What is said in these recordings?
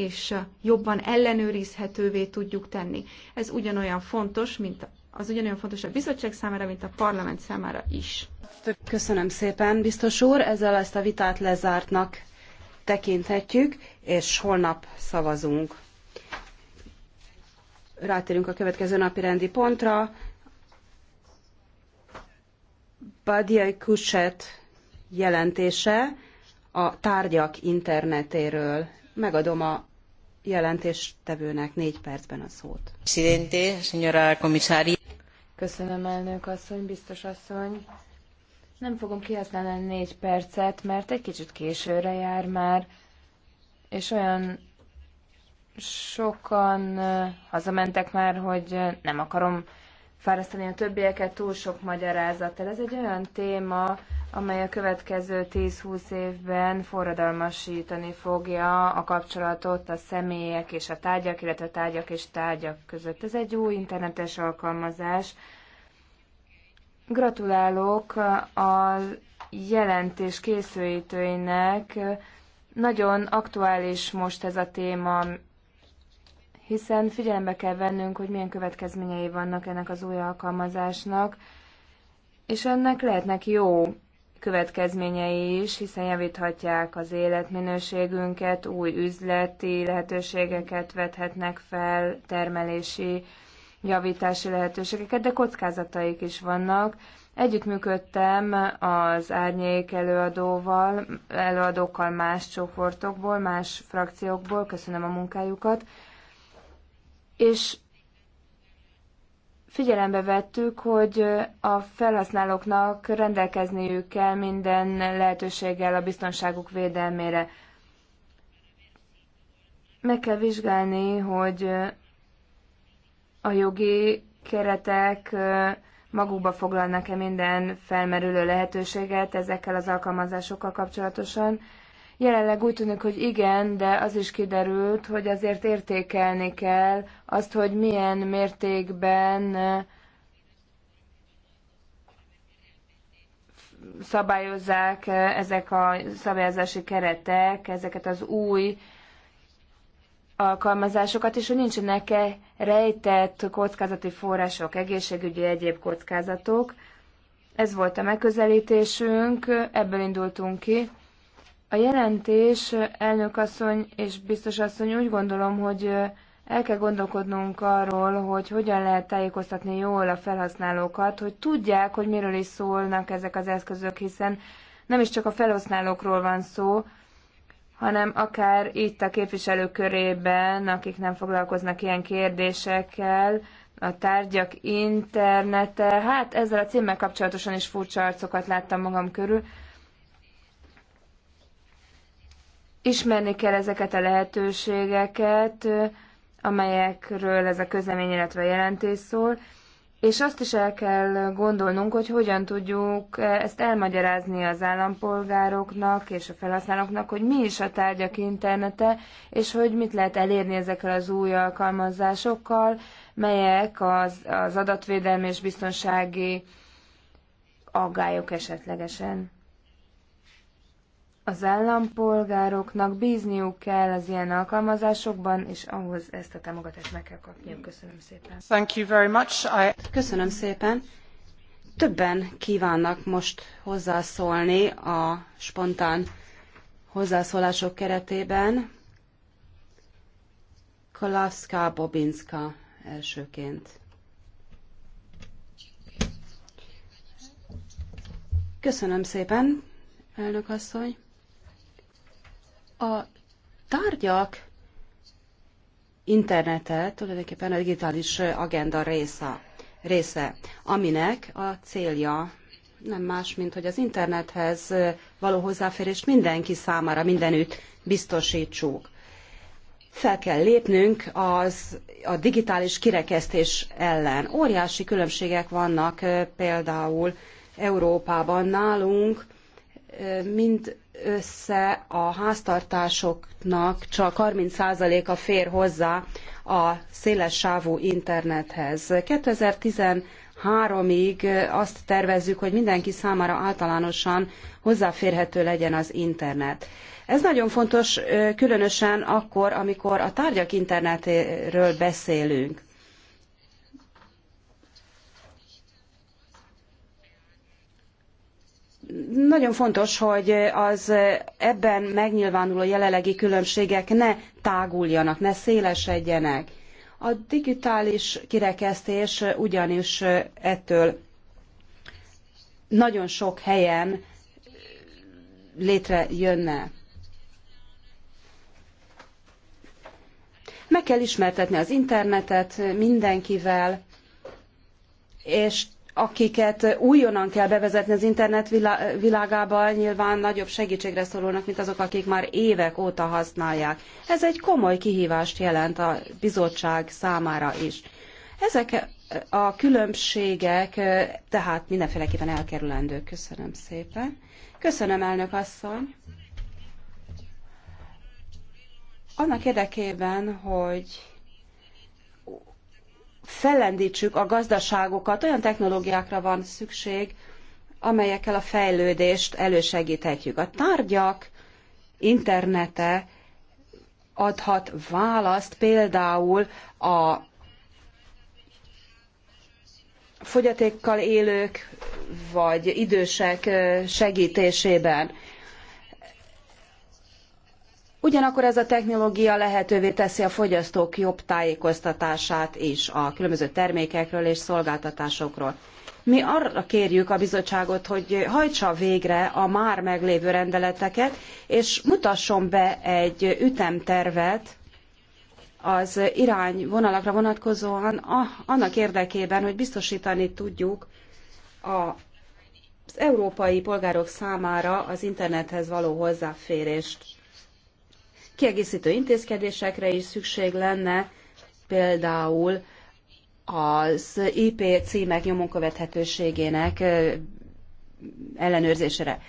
és jobban ellenőrizhetővé tudjuk tenni. Ez ugyanolyan fontos, mint az ugyanolyan fontos a bizottság számára, mint a parlament számára is. Köszönöm szépen, biztos úr. Ezzel ezt a vitát lezártnak tekinthetjük, és holnap szavazunk. Rátérünk a következő napi rendi pontra. Badiai Kuset jelentése a tárgyak internetéről. Megadom a jelentéstevőnek négy percben a szót. Presidente, señora comisaria. Köszönöm, elnök asszony, biztos asszony. Nem fogom kihasználni négy percet, mert egy kicsit későre jár már, és olyan sokan hazamentek már, hogy nem akarom fárasztani a többieket túl sok magyarázattal. Ez egy olyan téma, amely a következő 10-20 évben forradalmasítani fogja a kapcsolatot a személyek és a tárgyak, illetve a tárgyak és tárgyak között. Ez egy új internetes alkalmazás. Gratulálok a jelentés készítőinek. Nagyon aktuális most ez a téma, hiszen figyelembe kell vennünk, hogy milyen következményei vannak ennek az új alkalmazásnak, és ennek lehetnek jó következményei is, hiszen javíthatják az életminőségünket, új üzleti lehetőségeket vethetnek fel, termelési, javítási lehetőségeket, de kockázataik is vannak. Együttműködtem az árnyék előadóval, előadókkal más csoportokból, más frakciókból, köszönöm a munkájukat, és figyelembe vettük, hogy a felhasználóknak rendelkezniük kell minden lehetőséggel a biztonságuk védelmére. Meg kell vizsgálni, hogy a jogi keretek magukba foglalnak-e minden felmerülő lehetőséget ezekkel az alkalmazásokkal kapcsolatosan, Jelenleg úgy tűnik, hogy igen, de az is kiderült, hogy azért értékelni kell azt, hogy milyen mértékben eh, szabályozzák eh, ezek a szabályozási keretek, ezeket az új alkalmazásokat, és hogy nincsenek-e rejtett kockázati források, egészségügyi egyéb kockázatok. Ez volt a megközelítésünk, ebből indultunk ki. A jelentés asszony és biztos asszony, úgy gondolom, hogy el kell gondolkodnunk arról, hogy hogyan lehet tájékoztatni jól a felhasználókat, hogy tudják, hogy miről is szólnak ezek az eszközök, hiszen nem is csak a felhasználókról van szó, hanem akár itt a képviselők körében, akik nem foglalkoznak ilyen kérdésekkel, a tárgyak internete, hát ezzel a címmel kapcsolatosan is furcsa arcokat láttam magam körül, Ismerni kell ezeket a lehetőségeket, amelyekről ez a közlemény, illetve a jelentés szól, és azt is el kell gondolnunk, hogy hogyan tudjuk ezt elmagyarázni az állampolgároknak és a felhasználóknak, hogy mi is a tárgyak internete, és hogy mit lehet elérni ezekkel az új alkalmazásokkal, melyek az, az adatvédelmi és biztonsági aggályok esetlegesen az állampolgároknak bízniuk kell az ilyen alkalmazásokban, és ahhoz ezt a támogatást meg kell kapniuk. Köszönöm szépen. Thank you very much. I... Köszönöm szépen. Többen kívánnak most hozzászólni a spontán hozzászólások keretében. Kolavska Bobinska elsőként. Köszönöm szépen, elnök asszony. A tárgyak internete tulajdonképpen a digitális agenda része, része, aminek a célja nem más, mint hogy az internethez való hozzáférést mindenki számára mindenütt biztosítsuk. Fel kell lépnünk az, a digitális kirekesztés ellen. Óriási különbségek vannak például Európában nálunk, mind össze a háztartásoknak csak 30%-a fér hozzá a széles sávú internethez. 2013-ig azt tervezzük, hogy mindenki számára általánosan hozzáférhető legyen az internet. Ez nagyon fontos, különösen akkor, amikor a tárgyak internetéről beszélünk. nagyon fontos, hogy az ebben megnyilvánuló jelenlegi különbségek ne táguljanak, ne szélesedjenek. A digitális kirekesztés ugyanis ettől nagyon sok helyen létrejönne. Meg kell ismertetni az internetet mindenkivel, és akiket újonnan kell bevezetni az internet világába, nyilván nagyobb segítségre szorulnak, mint azok, akik már évek óta használják. Ez egy komoly kihívást jelent a bizottság számára is. Ezek a különbségek tehát mindenféleképpen elkerülendők. Köszönöm szépen. Köszönöm, elnök asszony. Annak érdekében, hogy fellendítsük a gazdaságokat, olyan technológiákra van szükség, amelyekkel a fejlődést elősegíthetjük. A tárgyak internete adhat választ például a fogyatékkal élők vagy idősek segítésében. Ugyanakkor ez a technológia lehetővé teszi a fogyasztók jobb tájékoztatását is a különböző termékekről és szolgáltatásokról. Mi arra kérjük a bizottságot, hogy hajtsa végre a már meglévő rendeleteket, és mutasson be egy ütemtervet az irányvonalakra vonatkozóan annak érdekében, hogy biztosítani tudjuk az európai polgárok számára az internethez való hozzáférést kiegészítő intézkedésekre is szükség lenne, például az IP címek nyomon követhetőségének ellenőrzésére.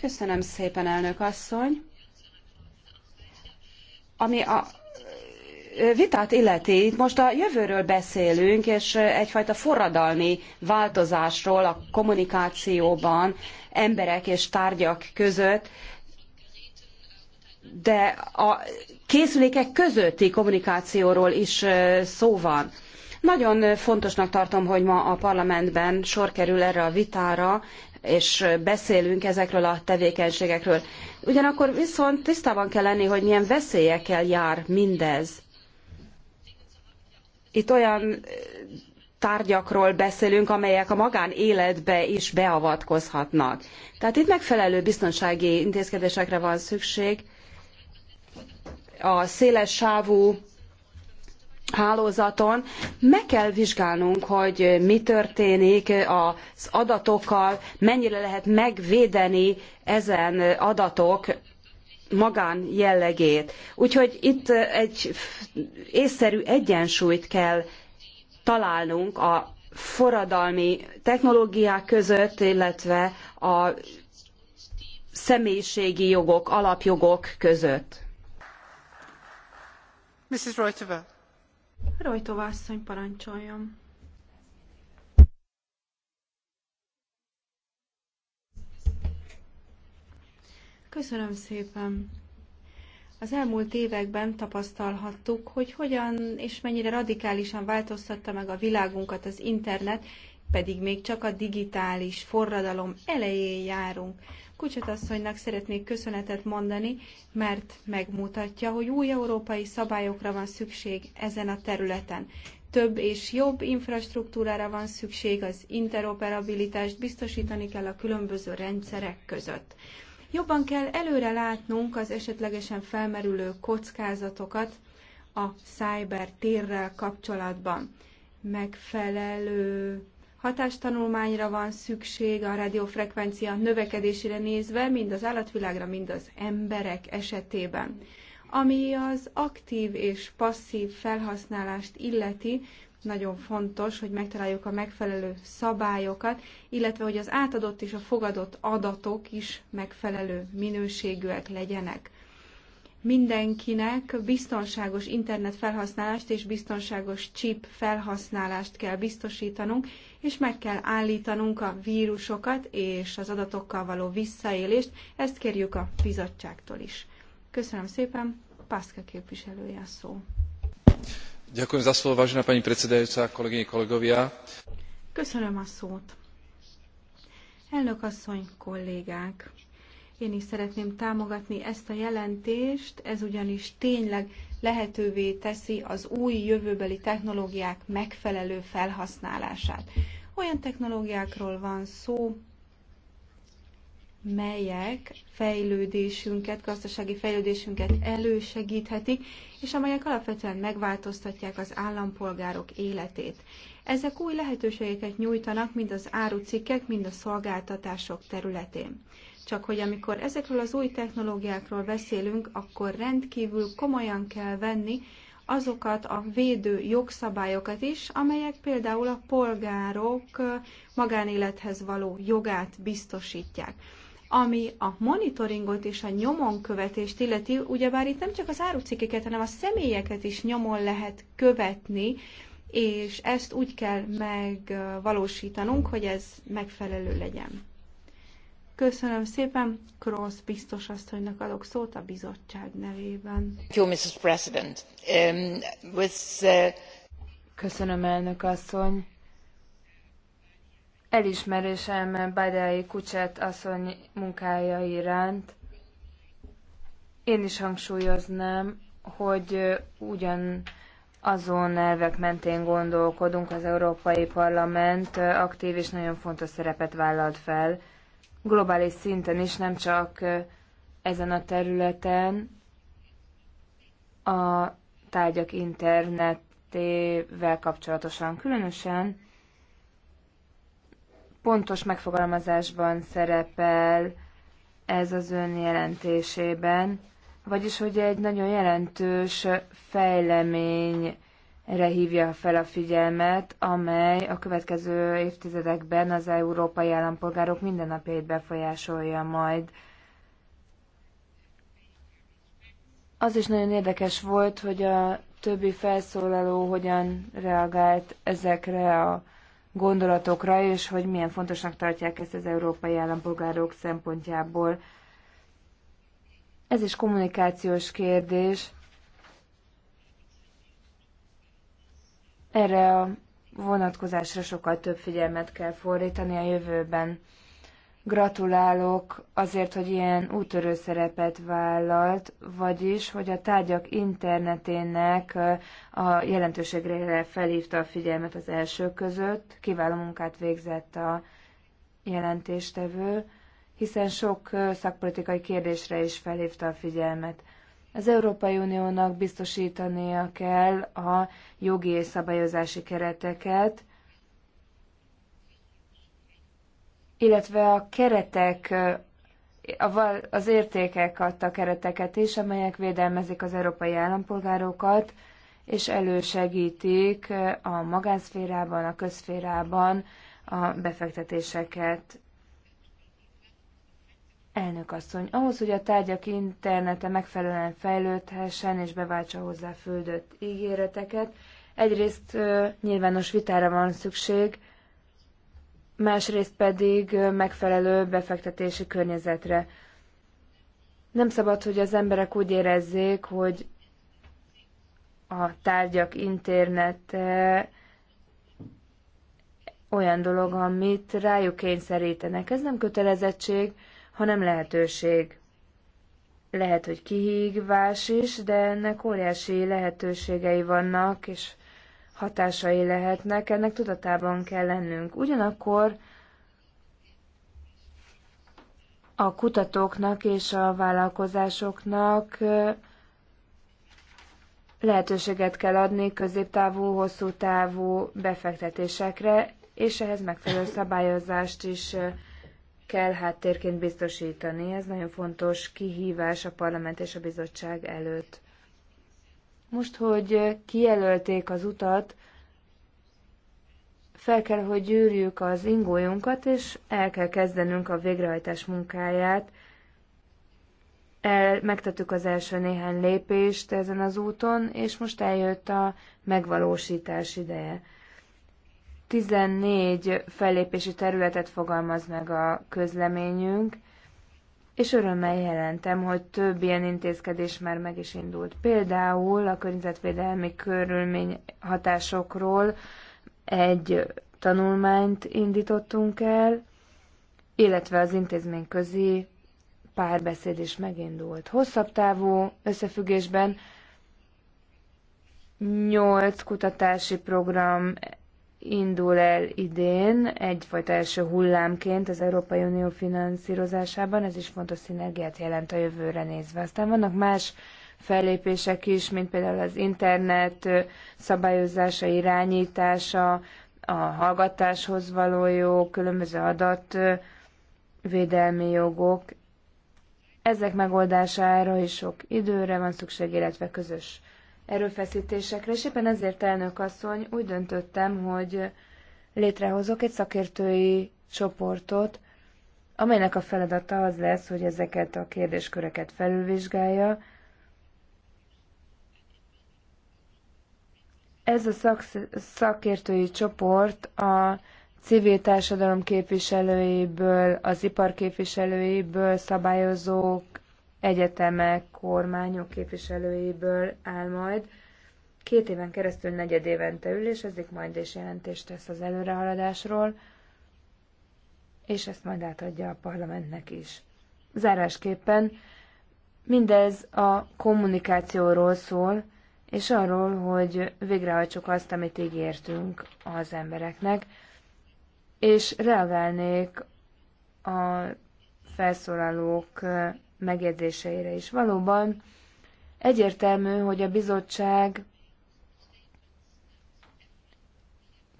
Köszönöm szépen, elnök asszony. Ami a vitát illeti, most a jövőről beszélünk, és egyfajta forradalmi változásról a kommunikációban emberek és tárgyak között, de a készülékek közötti kommunikációról is szó van. Nagyon fontosnak tartom, hogy ma a parlamentben sor kerül erre a vitára, és beszélünk ezekről a tevékenységekről. Ugyanakkor viszont tisztában kell lenni, hogy milyen veszélyekkel jár mindez. Itt olyan tárgyakról beszélünk, amelyek a magánéletbe is beavatkozhatnak. Tehát itt megfelelő biztonsági intézkedésekre van szükség, a széles sávú hálózaton. Meg kell vizsgálnunk, hogy mi történik az adatokkal, mennyire lehet megvédeni ezen adatok magán jellegét. Úgyhogy itt egy észszerű egyensúlyt kell találnunk a forradalmi technológiák között, illetve a személyiségi jogok, alapjogok között. Mrs. Rojtova. Rojtova asszony Köszönöm szépen. Az elmúlt években tapasztalhattuk, hogy hogyan és mennyire radikálisan változtatta meg a világunkat az internet, pedig még csak a digitális forradalom elején járunk. Kucsot asszonynak szeretnék köszönetet mondani, mert megmutatja, hogy új európai szabályokra van szükség ezen a területen. Több és jobb infrastruktúrára van szükség, az interoperabilitást biztosítani kell a különböző rendszerek között. Jobban kell előre látnunk az esetlegesen felmerülő kockázatokat a cyber térrel kapcsolatban. Megfelelő Hatástanulmányra van szükség a rádiófrekvencia növekedésére nézve, mind az állatvilágra, mind az emberek esetében. Ami az aktív és passzív felhasználást illeti, nagyon fontos, hogy megtaláljuk a megfelelő szabályokat, illetve hogy az átadott és a fogadott adatok is megfelelő minőségűek legyenek mindenkinek biztonságos internet felhasználást és biztonságos chip felhasználást kell biztosítanunk, és meg kell állítanunk a vírusokat és az adatokkal való visszaélést. Ezt kérjük a bizottságtól is. Köszönöm szépen, Pászka képviselője a szó. Ďakujem za slovo, vážená pani predsedajúca, kolegyne, kolegovia. Köszönöm a szót. Elnök asszony, kollégák! Én is szeretném támogatni ezt a jelentést, ez ugyanis tényleg lehetővé teszi az új jövőbeli technológiák megfelelő felhasználását. Olyan technológiákról van szó, melyek fejlődésünket, gazdasági fejlődésünket elősegíthetik, és amelyek alapvetően megváltoztatják az állampolgárok életét. Ezek új lehetőségeket nyújtanak mind az árucikkek, mind a szolgáltatások területén. Csak hogy amikor ezekről az új technológiákról beszélünk, akkor rendkívül komolyan kell venni azokat a védő jogszabályokat is, amelyek például a polgárok magánélethez való jogát biztosítják ami a monitoringot és a nyomon követést illeti, ugyebár itt nem csak az árucikkeket, hanem a személyeket is nyomon lehet követni, és ezt úgy kell megvalósítanunk, hogy ez megfelelő legyen. Köszönöm szépen, Cross biztos asszonynak adok szót a bizottság nevében. Thank Mrs. President. Um, Köszönöm, elnök asszony. Elismerésem Badai Kucset asszony munkája iránt. Én is hangsúlyoznám, hogy ugyan azon elvek mentén gondolkodunk, az Európai Parlament aktív és nagyon fontos szerepet vállalt fel globális szinten is, nem csak ezen a területen a tárgyak internetével kapcsolatosan. Különösen pontos megfogalmazásban szerepel ez az ön jelentésében, vagyis hogy egy nagyon jelentős fejlemény erre hívja fel a figyelmet, amely a következő évtizedekben az európai állampolgárok mindennapjait befolyásolja majd. Az is nagyon érdekes volt, hogy a többi felszólaló hogyan reagált ezekre a gondolatokra, és hogy milyen fontosnak tartják ezt az európai állampolgárok szempontjából. Ez is kommunikációs kérdés Erre a vonatkozásra sokkal több figyelmet kell fordítani a jövőben. Gratulálok azért, hogy ilyen útörő szerepet vállalt, vagyis, hogy a tárgyak internetének a jelentőségre felhívta a figyelmet az első között. Kiváló munkát végzett a jelentéstevő, hiszen sok szakpolitikai kérdésre is felhívta a figyelmet. Az Európai Uniónak biztosítania kell a jogi és szabályozási kereteket, illetve a keretek, az értékek adta kereteket is, amelyek védelmezik az európai állampolgárokat, és elősegítik a magánszférában, a közszférában a befektetéseket. Elnök asszony, ahhoz, hogy a tárgyak internete megfelelően fejlődhessen és beváltsa hozzá földött ígéreteket, egyrészt nyilvános vitára van szükség, másrészt pedig megfelelő befektetési környezetre. Nem szabad, hogy az emberek úgy érezzék, hogy a tárgyak internete olyan dolog, amit rájuk kényszerítenek. Ez nem kötelezettség, hanem lehetőség. Lehet, hogy kihívás is, de ennek óriási lehetőségei vannak, és hatásai lehetnek, ennek tudatában kell lennünk. Ugyanakkor a kutatóknak és a vállalkozásoknak lehetőséget kell adni középtávú, hosszú távú befektetésekre, és ehhez megfelelő szabályozást is kell háttérként biztosítani. Ez nagyon fontos kihívás a parlament és a bizottság előtt. Most, hogy kijelölték az utat, fel kell, hogy gyűrjük az ingójunkat, és el kell kezdenünk a végrehajtás munkáját. El, megtettük az első néhány lépést ezen az úton, és most eljött a megvalósítás ideje. 14 fellépési területet fogalmaz meg a közleményünk, és örömmel jelentem, hogy több ilyen intézkedés már meg is indult. Például a környezetvédelmi körülmény hatásokról egy tanulmányt indítottunk el, illetve az intézmény közi párbeszéd is megindult. Hosszabb távú összefüggésben nyolc kutatási program indul el idén egyfajta első hullámként az Európai Unió finanszírozásában, ez is fontos szinergiát jelent a jövőre nézve. Aztán vannak más fellépések is, mint például az internet szabályozása, irányítása, a hallgatáshoz való jog, különböző adatvédelmi jogok. Ezek megoldására is sok időre van szükség, illetve közös erőfeszítésekre, és éppen ezért, elnök asszony, úgy döntöttem, hogy létrehozok egy szakértői csoportot, amelynek a feladata az lesz, hogy ezeket a kérdésköreket felülvizsgálja. Ez a szak, szakértői csoport a civil társadalom képviselőiből, az ipar képviselőiből, szabályozók, egyetemek, kormányok képviselőiből áll majd. Két éven keresztül negyed évente ezik majd és jelentést tesz az előrehaladásról, és ezt majd átadja a parlamentnek is. Zárásképpen mindez a kommunikációról szól, és arról, hogy végrehajtsuk azt, amit ígértünk az embereknek, és reagálnék a felszólalók megjegyzéseire is. Valóban egyértelmű, hogy a bizottság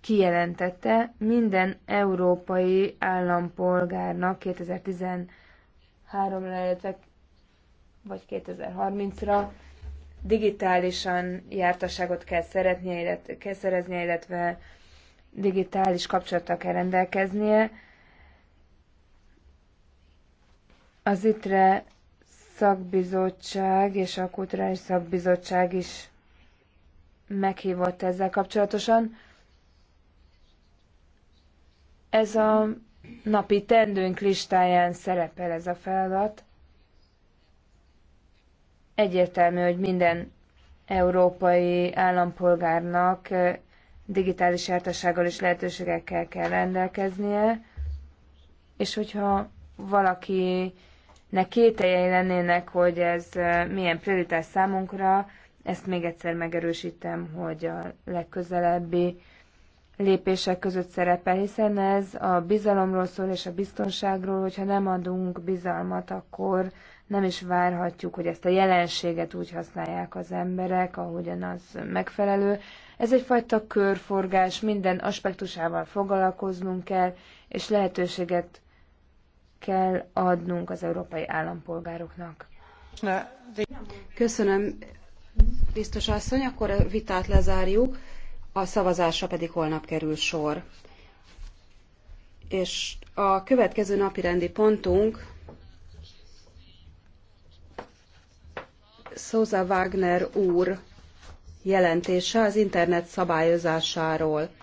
kijelentette minden európai állampolgárnak 2013-ra, vagy 2030-ra digitálisan jártasságot kell, szeretnie, illetve, kell szereznie, illetve digitális kapcsolattal kell rendelkeznie. Az ITRE szakbizottság és a kulturális szakbizottság is meghívott ezzel kapcsolatosan. Ez a napi tendőnk listáján szerepel ez a feladat. Egyértelmű, hogy minden európai állampolgárnak digitális jártassággal is lehetőségekkel kell rendelkeznie, és hogyha valaki ne kételjei lennének, hogy ez milyen prioritás számunkra, ezt még egyszer megerősítem, hogy a legközelebbi lépések között szerepel, hiszen ez a bizalomról szól és a biztonságról, hogyha nem adunk bizalmat, akkor nem is várhatjuk, hogy ezt a jelenséget úgy használják az emberek, ahogyan az megfelelő. Ez egyfajta körforgás, minden aspektusával foglalkoznunk kell, és lehetőséget kell adnunk az európai állampolgároknak. Köszönöm, biztos asszony, akkor a vitát lezárjuk, a szavazásra pedig holnap kerül sor. És a következő napi rendi pontunk Szóza Wagner úr jelentése az internet szabályozásáról.